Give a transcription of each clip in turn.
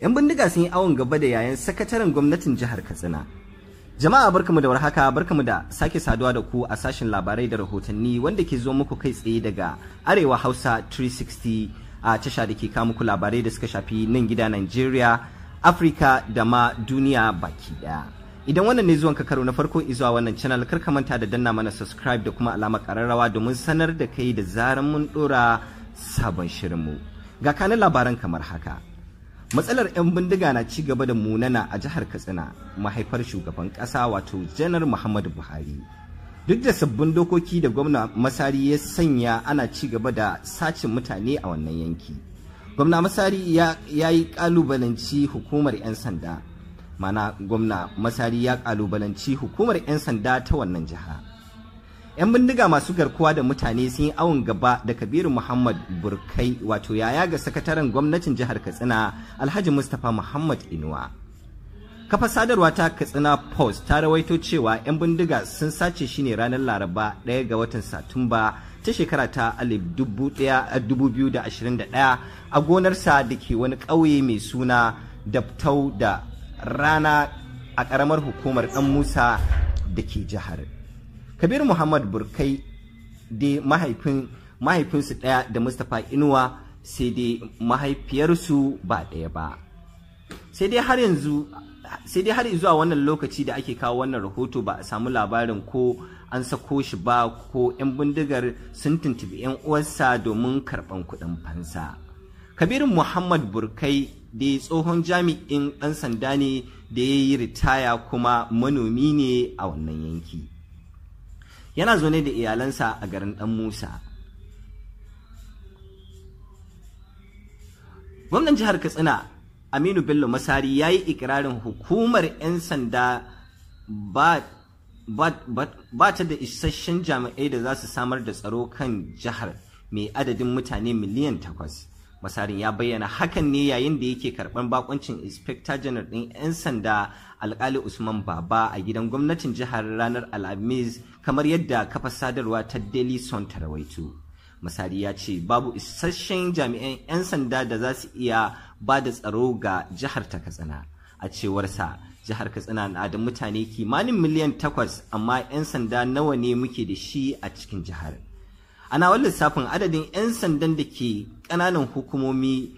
'Yan bindiga sun yi awon gaba da yayin sakataren gwamnatin jihar Katsina. Jama'a barkamu da warhaka barkamu da sake saduwa da ku a sashen labarai da rahotanni wanda ke zo muku kai tsaye daga Arewa Hausa 360 a tasha da ke kawo muku labarai da suka shafi nan gida Najeriya, Afirka da ma duniya baki daya. Idan wannan ne zuwan karo na farko izuwa wannan channel kar ka manta da danna mana subscribe da kuma alamar kararrawa domin sanar da kai da zaran mun dora sabon shirinmu. Ga kanin labaran kamar haka. matsalar 'yan bindiga na ci gaba da munana a jihar katsina mahaifar shugaban ƙasa wato janar muhammadu buhari duk da sabbin dokoki da gwamna masari ya sanya ana ci gaba da sacin mutane a wannan yanki gwamna masari ya yi kalubalanci hukumar 'yan sanda mana gwamna masari ya kalubalanci hukumar 'yan sanda ta wannan jiha 'yan bindiga masu garkuwa da mutane sun yi awon gaba da kabiru muhammad burkai wato yaya ga sakataren gwamnatin jihar katsina alhaji mustapha muhammad inuwa kafa sadarwa ta katsina post ta rawaito cewa 'yan bindiga sun sace shi ne ranar laraba 1 ga watan satumba ta shekara ta 2021 a gonarsa da ke wani ƙauye mai suna daftau da rana a ƙaramar hukumar ɗan musa da ke jihar kabir muhammad burkai dai mahaifin mahaifinsu ɗaya da mustapha inuwa sai dai mahaifiyarsu ba ɗaya ba sai dai har yanzu a wannan lokaci da ake kawo wannan rahoto ba a samu labarin ko an sako shi ba ko 'yan bindigar sun tuntubi 'yan uwarsa domin karɓan kuɗin fansa Kabir muhammad burkai da tsohon jami'in ɗan sanda ne da ya yi ritaya kuma manomi ne a wannan yanki yana zaune da iyalansa a garin dan musa gwamnan jihar katsina aminu bello masari ya yi ikirarin hukumar 'yan sanda ba ta da isasshen jami'ai da za su samar da tsaro kan jihar mai adadin mutane miliyan takwas masarin ya bayyana hakan ne yayin da yake karɓar bakoncin inspector general ɗin 'yan sanda alkali usman baba a gidan gwamnatin jihar ranar alhamis kamar yadda kafar sadarwa ta daily sun ta rawaito masari ya ce babu isasshen jami'an 'yan sanda da za su iya ba da tsaro ga jihar ta katsina a cewarsa jihar katsina na da mutane kimanin miliyan takwas amma 'yan sanda nawa ne muke da shi a cikin jihar Ana wannan lissafin adadin 'yan sandan da ke kananan hukumomi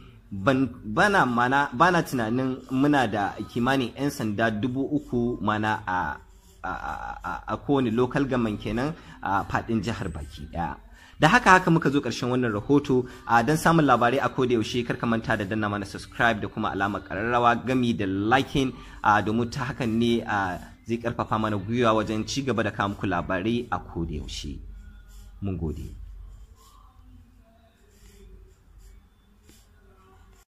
bana mana tunanin muna da kimanin 'yan sanda dubu uku mana a a kowane local gaman kenan a fadin jihar baki daya da haka haka muka zo karshen wannan rahoto a don samun labarai a koda yaushe kar ka manta da danna mana subscribe da kuma alama kararrawa gami da liking domin ta hakan ne a zai karfafa mana gwiwa wajen ci gaba da kawo muku labarai a koda yaushe mun gode